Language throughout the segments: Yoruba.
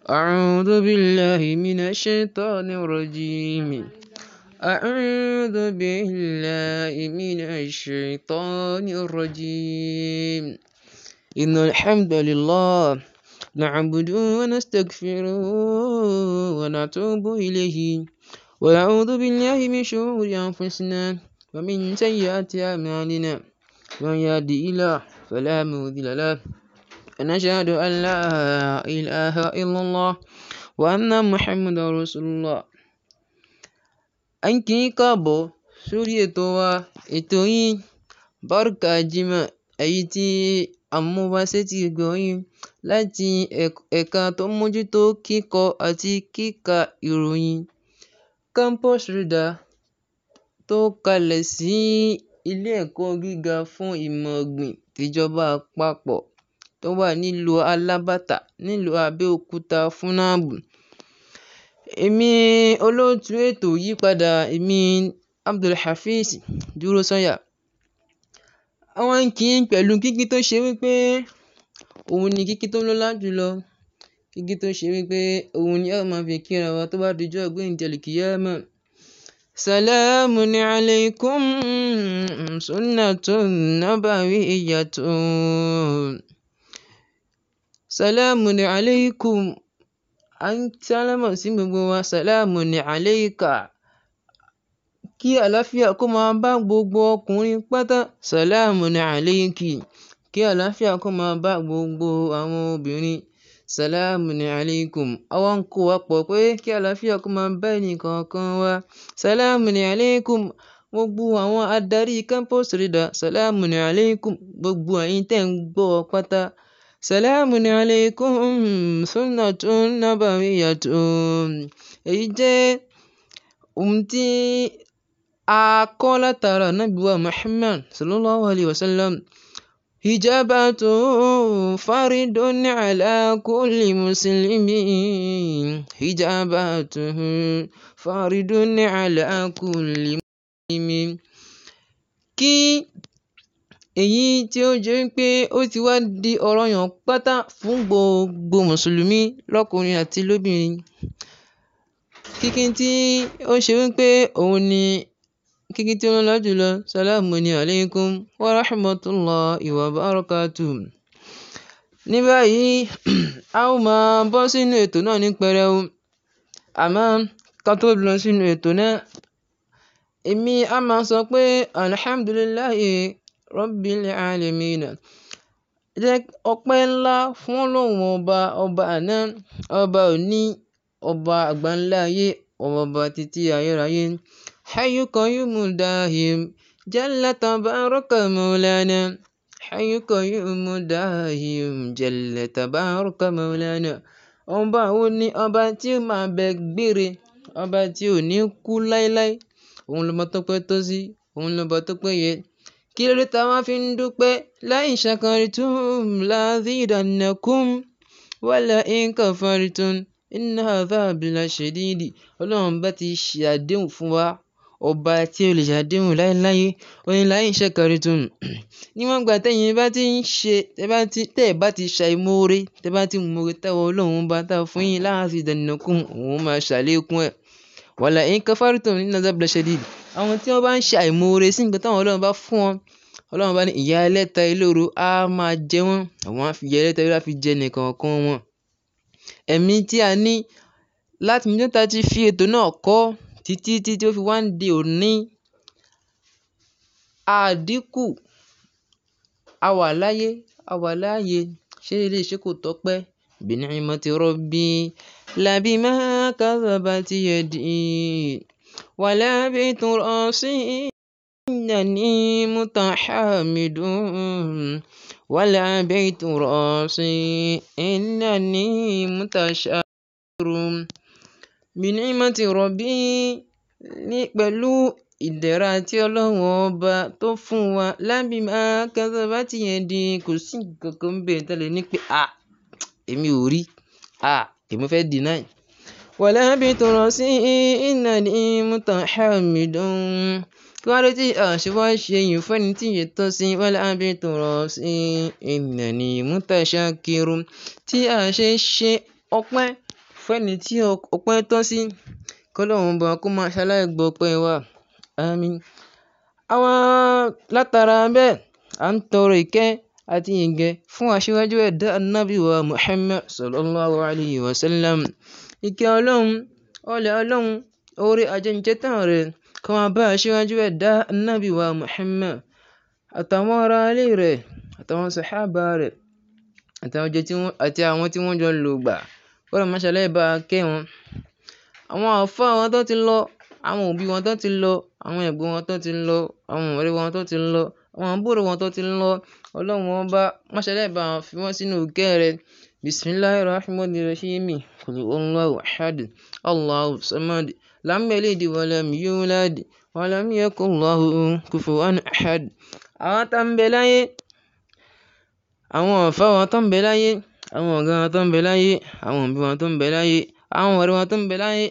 أعوذ بالله من الشيطان الرجيم أعوذ بالله من الشيطان الرجيم إن الحمد لله نعبد ونستغفره ونتوب إليه ونعوذ بالله من شرور أنفسنا ومن سيئات أعمالنا من يهدي إله فلا مضل له ونشهد أن لا إله إلا الله وأن محمد رسول الله à ń kí yín káàbọ̀ sórí ètò wa ètò yín Barka Jimoh èyí tí à ń mú wá sétí ìgbọ́ yín láti ẹ̀ka tó ń mójútó kíkọ àti kíka ìròyìn campus radar tó kalẹ̀ sí ilé ẹ̀kọ́ gíga fún ìmọ̀ ọ̀gbìn tìjọba àpapọ̀ tó wà nílùú Alábàtà nílùú Abẹ́òkúta FUNAAB. Èmi olóòtú ètò yìí èmi Abdulhafiz Dúrósọ́yà. Àwọn kì í kíkí tó ṣe wípé òun ni kíkí tó lọ́lá jùlọ. Kíkí tó ṣe wípé òun ni a máa fi kíra wa tó bá dijọ́ gbéǹde àlìkìyámà. Salamun alaykum sunnatun nabawiyyatun. Salamu ni alaykum. A ń sálámà sí gbogbo wa. Salamu ni alayka. Kí àlàáfíà kó máa bá gbogbo ọkùnrin pátá. Salamu ni alayki. Kí àlàáfíà kó máa bá gbogbo àwọn obìnrin. Salamu ni alaykum. Àwa ń kó wa pọ̀ pé kí àlàáfíà kó máa bá ẹnì kọ̀ọ̀kan wa. Salamu ni alaykum. Gbogbo àwọn adarí campus leader. Salamu ni alaykum. Gbogbo ẹ̀yin ń gbọ́ pátá. Salamu alaykum sunnatun nabawiyyatun. Èyí jẹ́ ohun tí a kọ́ látara Ànábì wa Muhammad sallallahu alayhi wa sallam. Hijabatun faridun ala kulli muslimin. Hijabatun faridun ala kulli muslimin. Kí èyí tí ó jẹ́ wípé ó ti wá di ọ̀ranyàn pátá fún gbogbo mùsùlùmí lọ́kùnrin àti lóbìnrin. Kíkín tí ó ṣe wípé òun ni kíkín tí ó lọ́lá jùlọ Sàlámùnì Àléékún wa rahmatullahi wa barakatuh. Ní báyìí, a ó máa bọ́ sínú ètò náà ní pẹrẹu. Àmọ́ ká tó lọ sínú ètò náà, èmi a máa sọ pé alhamdulillahi Rabbil Alameen. Jẹ́ ọpẹ́ ńlá fún Ọlọ́run ọba, ọba àná, ọba òní, ọba àgbáńlá ayé, ọba títí ayérayé. Hayyu Qayyumu Dahim, Jalla Tabaraka Maulana. Hayyu Qayyumu Dahim, Jalla Tabaraka Maulana. Ọba wo ni ọba tí ó máa bẹ gbére, ọba tí ò ní kú láéláé. Òun lọba tó pẹ́ tó sí, òun lọba tó péye kí ló dé tá a máa fi ń dúpẹ́ láì ṣàkàrìtún láàdìdànàkùn wàlà nǹkan fàrìtún iná àbábìlà ṣèdíìdì ọlọ́run bá ti ṣe àdéhùn fún wa ọba tí ó lè ṣàdéhùn láéláé oyin láì ṣàkàrìtún níwọ̀n gbà tẹ́yin bá ti ń ṣe tẹ́ bá ti tẹ́ ẹ̀ bá ti ṣàìmoore táwọn ọlọ́run bá tá fún yín láàdìdànàkùn òun máa ṣàlékún ẹ̀ wàlà nǹkan fàrìtún iná àbábìlà ṣèdíìdì Àwọn tí wọ́n bá ń ṣe àìmoore sí nǹkan tí àwọn Ọlọ́run bá fún wọn, Ọlọ́run bá ní ìyà ẹlẹ́ta elóru á máa jẹ wọ́n. Àwọn á fi ìyà ẹlẹ́ta elóru á fi jẹ ẹnìkọ̀ọ̀kan wọn. Ẹ̀mí tí a ní láti ọjọ́ tí a ti fi ètò náà kọ́ títí tí ó fi wá di òní, àdínkù, a wà láyé, a wà láàyè. Ṣé eléyìí ṣe kò tọ́pẹ́? Bi ni'mati rabbi la bima kasabat yadi. ولا بيت إنني متحامد ولبيت راسي إنني متشاكر بنعمة ربي ní pẹ̀lú ìdẹ̀ra tí ọlọ́run ọba tó fún wa lábìmọ̀ akẹ́sọ̀bá ti yẹn di kò sí nǹkan kan bẹ́ẹ̀ tẹ́lẹ̀ ní pé à èmi ò rí à èmi fẹ́ deny. ولابت رأسي إنني متحمد kí wọ́n ló tí àṣewọ́ ṣe yìí fẹ́ni tí yìí tọ́ sí wọ́lábí tọrọ sí ìnàní mútàṣákiru tí àṣe ṣe ọpẹ́ fẹ́ni tí ọpẹ́ tọ́ sí kọ́lọ́hún bá kó máa ṣaláì gbọ́ pẹ́ wá àmín. àwọn látara bẹ́ẹ̀ à ń tọrọ ìkẹ́ àti ìgẹ̀ fún aṣíwájú ẹ̀dá anábìwá Muhammad sallallahu alayhi wa sallam. Ìkẹ́ Ọlọ́run, ọlá Ọlọ́run, oore ajẹ́njẹ́tàn rẹ̀ kó máa bá aṣíwájú ẹ̀dá Ànábì wa Muhammad àtàwọn ará ilé rẹ̀, àtàwọn sàhábà rẹ̀, àti àwọn tí wọ́n jọ ń lo ìgbà. Ọlọ́run máa ṣàlàyé bá kẹ́ wọn. Àwọn àlfá wọn tó ti lọ, àwọn òbí wọn tó ti lọ, àwọn ẹ̀gbọ́n wọn tó ti lọ, àwọn ọ̀rẹ́ wọn tó ti lọ, àwọn àbúrò wọn tó ti lọ. Ọlọ́run Ọba máa ṣàlàyé bá fi wọ́n sínú ìkẹ́ rẹ̀. بسم الله الرحمن الرحيم allahu ahad allahu samad lam yalid walam yulad walam yakun lahu kufuwan ahad. àwọn tó ń bẹ láyé àwọn ọ̀fẹ́ wọn tó ń bẹ láyé àwọn ọ̀gá wọn tó ń bẹ láyé àwọn òbí wọn tó ń bẹ láyé àwọn ọ̀rẹ́ wọn tó ń bẹ láyé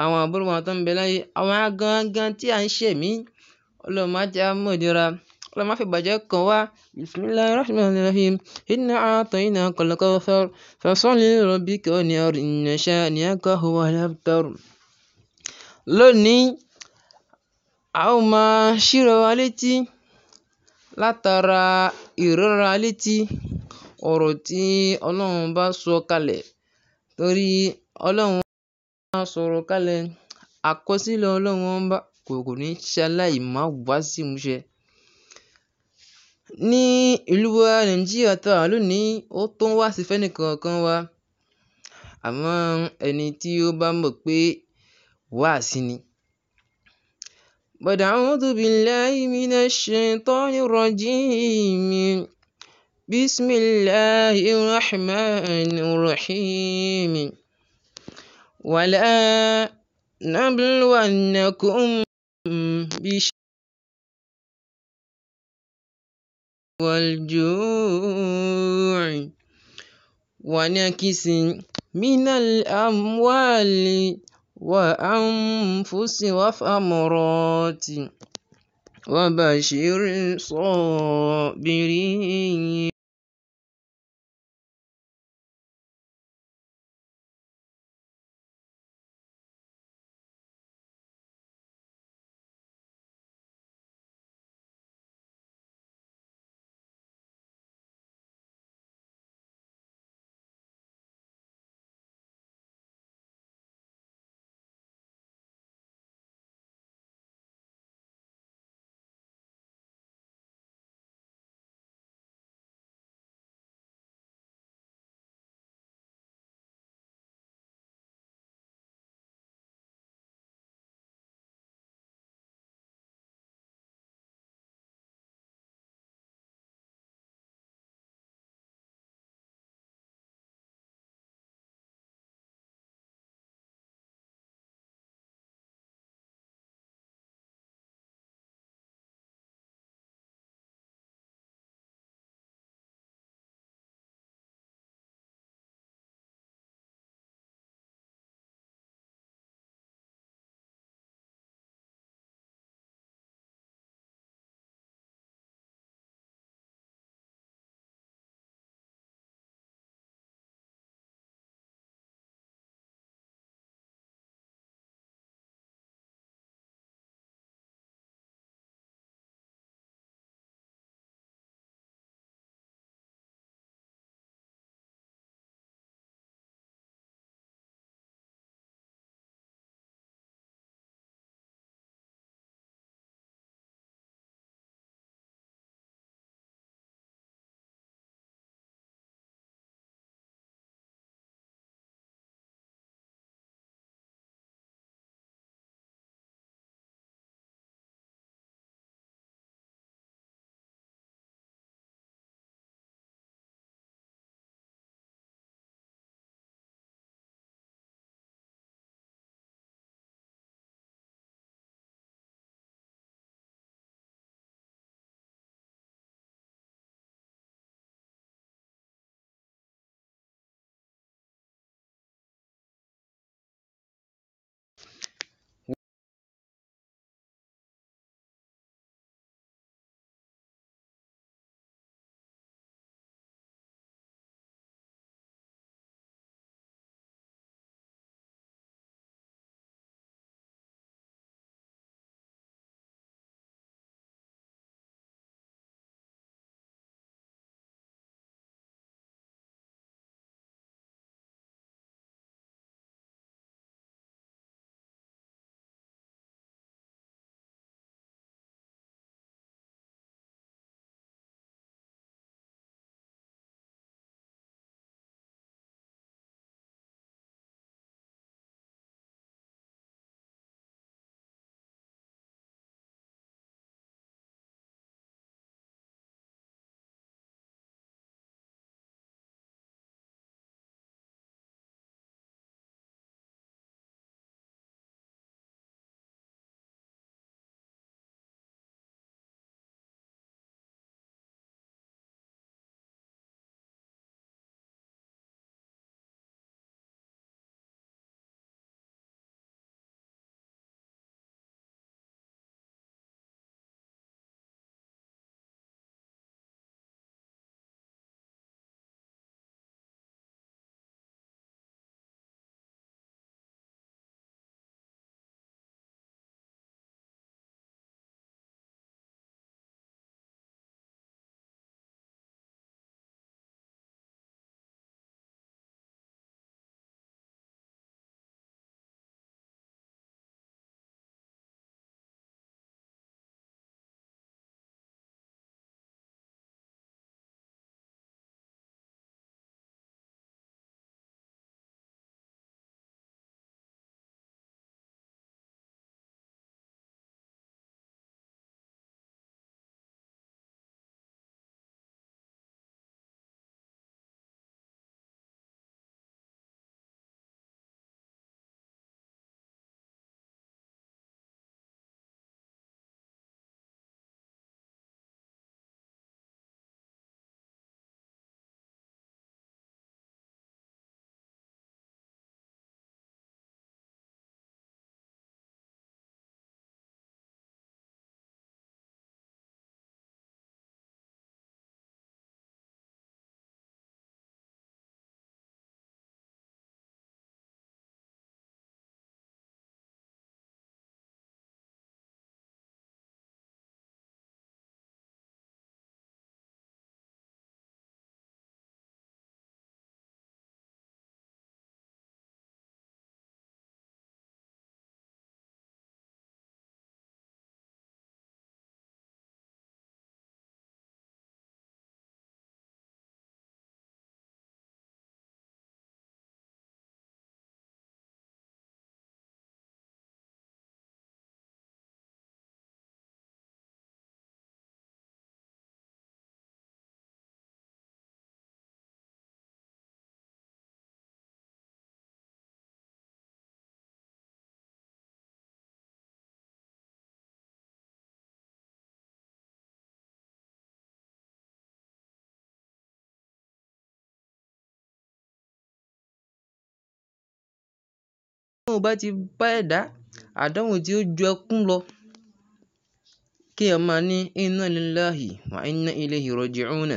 àwọn àbúrò wọn tó ń bẹ láyé àwọn gangan tí à ń ṣẹ̀mí ọlọ́mọ ajá ọlọ́run má fi bàjẹ́ kan wá bisimilahi rahman rahim inna a'tayna kalkawthar fasalli rabbika wanhar inna shani'aka huwal abtar. lónìí a ó máa ṣírò wa látara ìrora létí ọ̀rọ̀ tí ọlọ́run bá sọ kalẹ̀ torí ọlọ́run bá sọ̀rọ̀ kalẹ̀ àkọsílẹ̀ ọlọ́run bá kò kò ní ṣaláì má wá sí ìmúṣẹ ní ìlú wa nàìjíríà tá a lónìí ó tó ń wá sí fẹ́nìkọ̀ọ̀kan wa àmọ́ ẹni tí ó bá mọ̀ pé wáàsí ni. bọ̀dà a'udhu billahi minash shaitani rajim bismillahi rahmani rahim wala nabluwannakum. والجوع ونكس من الأموال وأنفس وثمرات وبشر الصابرين àdánwò bá ti bá ẹ̀dá, àdánwò tí ó ju ẹkún lọ kí èèyàn máa ní inna lillahi wa inna ilayhi raji'un.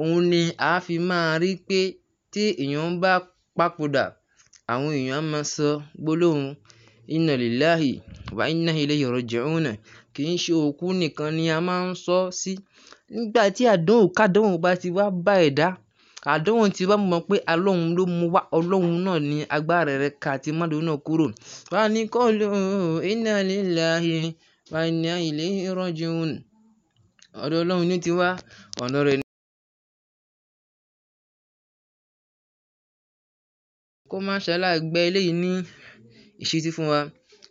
Òun ni a fi máa rí pé tí èèyàn bá papòdà, àwọn èèyàn máa sọ gbólóhùn inna lillahi wa inna ilayhi raji'un. Kì í ṣe òkú nìkan ni a máa ń sọ sí. Nígbà tí àdánwò ká bá ti wá bá ẹ̀dá. Àdéhùn tí bá mọ̀ pé Ọlọ́run ló mú wá, Ọlọ́run náà ni agbára rẹ̀ ká tí mú àdéhùn náà kúrò. Wá ní kọ́lù, inna lillahi wa inna ilayhi raji'un. Ọ̀dọ̀ Ọlọ́run ni ó ti wá, ọ̀dọ̀ rẹ̀ ni kó má ṣe aláìgbẹ́ eléyìí ní ìṣítí fún wa.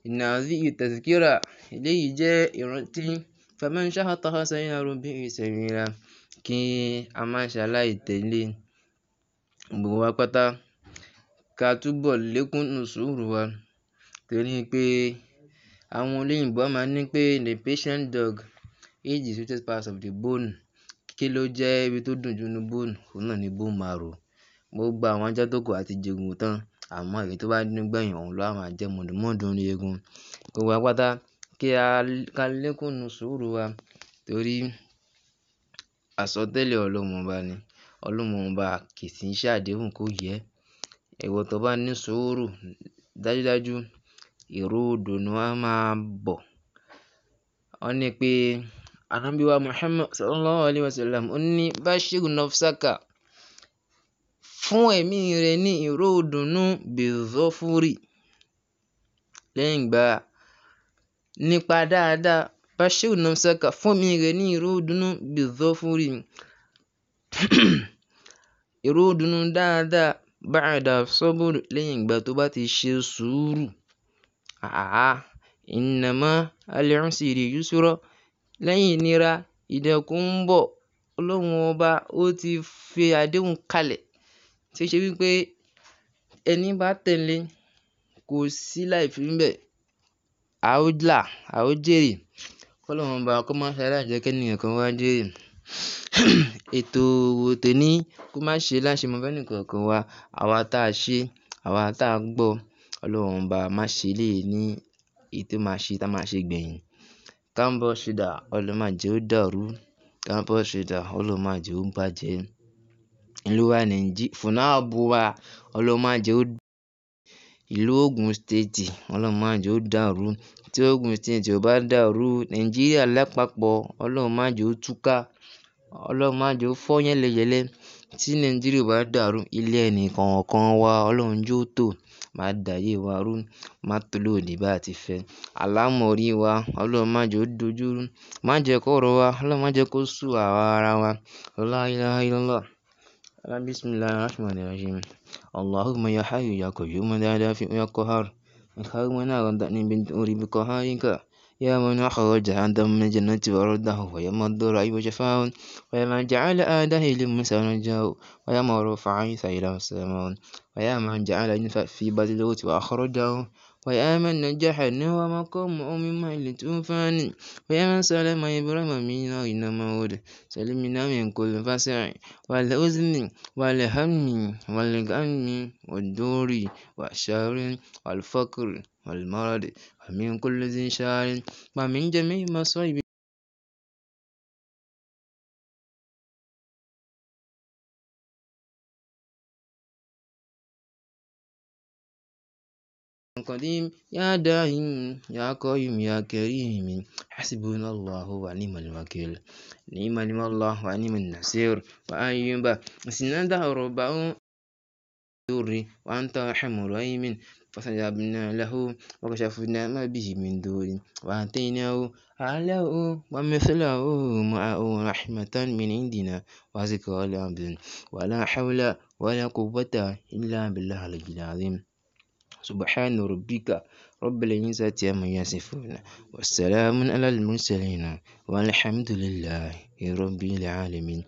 Inna hadhihi tazkira, eléyìí jẹ́ ìrántí. Faman sha'a taha falyu'min bihi kí a má ṣaláì tẹ̀lé gbogbo wa pátá ká túbọ̀ lékún nínú sùúrù wa torí pé àwọn olóyìnbo máa ní pé the patient dog eat the sweetest part of the bone kí ló jẹ́ ibi tó dùn jù nínú bone òun náà ni bone marrow gbogbo àwọn ajá tó kù àti jẹ egungun tán àmọ́ èyí tó bá dùn òun ló wá máa jẹ́ mọ̀dùnmọ́ọ̀dùn nínú eegun gbogbo wa pátá kí a lékún sùúrù wa torí Àsọtẹ́lẹ̀ Ọlọ́mọọba ni. Ọlọ́mọọba kì í sì ń ṣàdéhùn kó yẹ. Ìwọ tó bá ní sùúrù dájúdájú, ìró odò ni wàá máa bọ̀. Wọ́n ní pé Ànábì wa Muhammad Sallallahu Alaihi Wasallam ó ní "Bashir Nafsaka" fún ẹ̀mí rẹ ní ìró idùnú bizofuri lẹ́yìn ìgbà nípa dáadáa Bashir Namsakọ fún mi rẹ̀ ní ìró dùnnú bizofuri ìró dùnnú dáadáa ba'da sọ́bùrù lẹ́yìn ìgbà tó bá ti ṣe sùúrù. Àá innama al'usri yusra lẹ́yìn ìnira ìdẹ̀kùn ń bọ̀. Ọlọ́run ọba ó ti fi àdéhùn kalẹ̀ tí ṣe wípé ẹni bá tẹ̀lé kò sí láì fi ń bẹ̀. A ó là, kọ́lọ́run ọba kó má ṣaláìjẹ́ kẹ́nìyàn kan wá jèrè ètò òwò tòní kó má ṣe láṣemọ fẹ́nìkọ̀ọ̀kan wa àwa tá a ṣe àwa tá a gbọ́ ọlọ́run ọba má ṣe lè ní èyí tó máa ṣe tá máa ṣe gbẹ̀yìn kámbọ̀ ṣídà ọlọ́màjẹ́ ó dàrú kámbọ̀ ṣídà ọlọ́màjẹ́ ó bàjẹ́ ìlú wa nàìjí fúnà àbúwà ọlọ́màjẹ́ ó ìlú Ògùn stéètì ọlọ́màjẹ́ ó dàrú tí Ogun State ò bá dàrú, Nàìjíríà lápapọ̀ Ọlọ́run má jẹ ó túká, Ọlọ́run má jẹ ó fọ́ yẹ́lẹyẹ̀lẹ. Tí Nàìjíríà ò bá dàrú, ilé ẹni kọ̀ọ̀kan wa Ọlọ́run jó tò, máa dàyé wa rú, máa tó lòdì bá ti fẹ́. Àlámọ̀rí wa Ọlọ́run má jẹ ó dojúrú, má jẹ kó rọ̀ wa, Ọlọ́run má jẹ kó sú àwa ara wa. La ilaha illallah. Bismillahir Allahumma ya hayyu ya qayyum la الخادم نار دعني بالدور بقهارك يا من أخرج آدم من الجنة ورده ويوم الضر شفاء ويا من جعل آده لموسى نجاه ويا من رفع عيسى إلى السماء ويا من جعل في بدلوت وأخرجه ويا من نجحني ومقام مما لتوفاني ويا من سلم إبراهيم من أين مود سلمنا من كل فسع والأذن والهم والغم والدور والشر والفقر والمرض ومن كل ذي شر ومن جميع مصائب قديم يا دايم يا قيوم يا كريم حسبنا الله ونعم الوكيل نعم الله ونعم النصير وأيوب سنده ربع دور وأنت أرحم الراحمين فسجبنا له وكشفنا ما به من دور وآتيناه أعلاه ومثله معه رحمة من عندنا وذكرى لعبد ولا حول ولا قوة إلا بالله العلي العظيم سبحان ربك رب العزة عما يصفون والسلام على المرسلين والحمد لله رب العالمين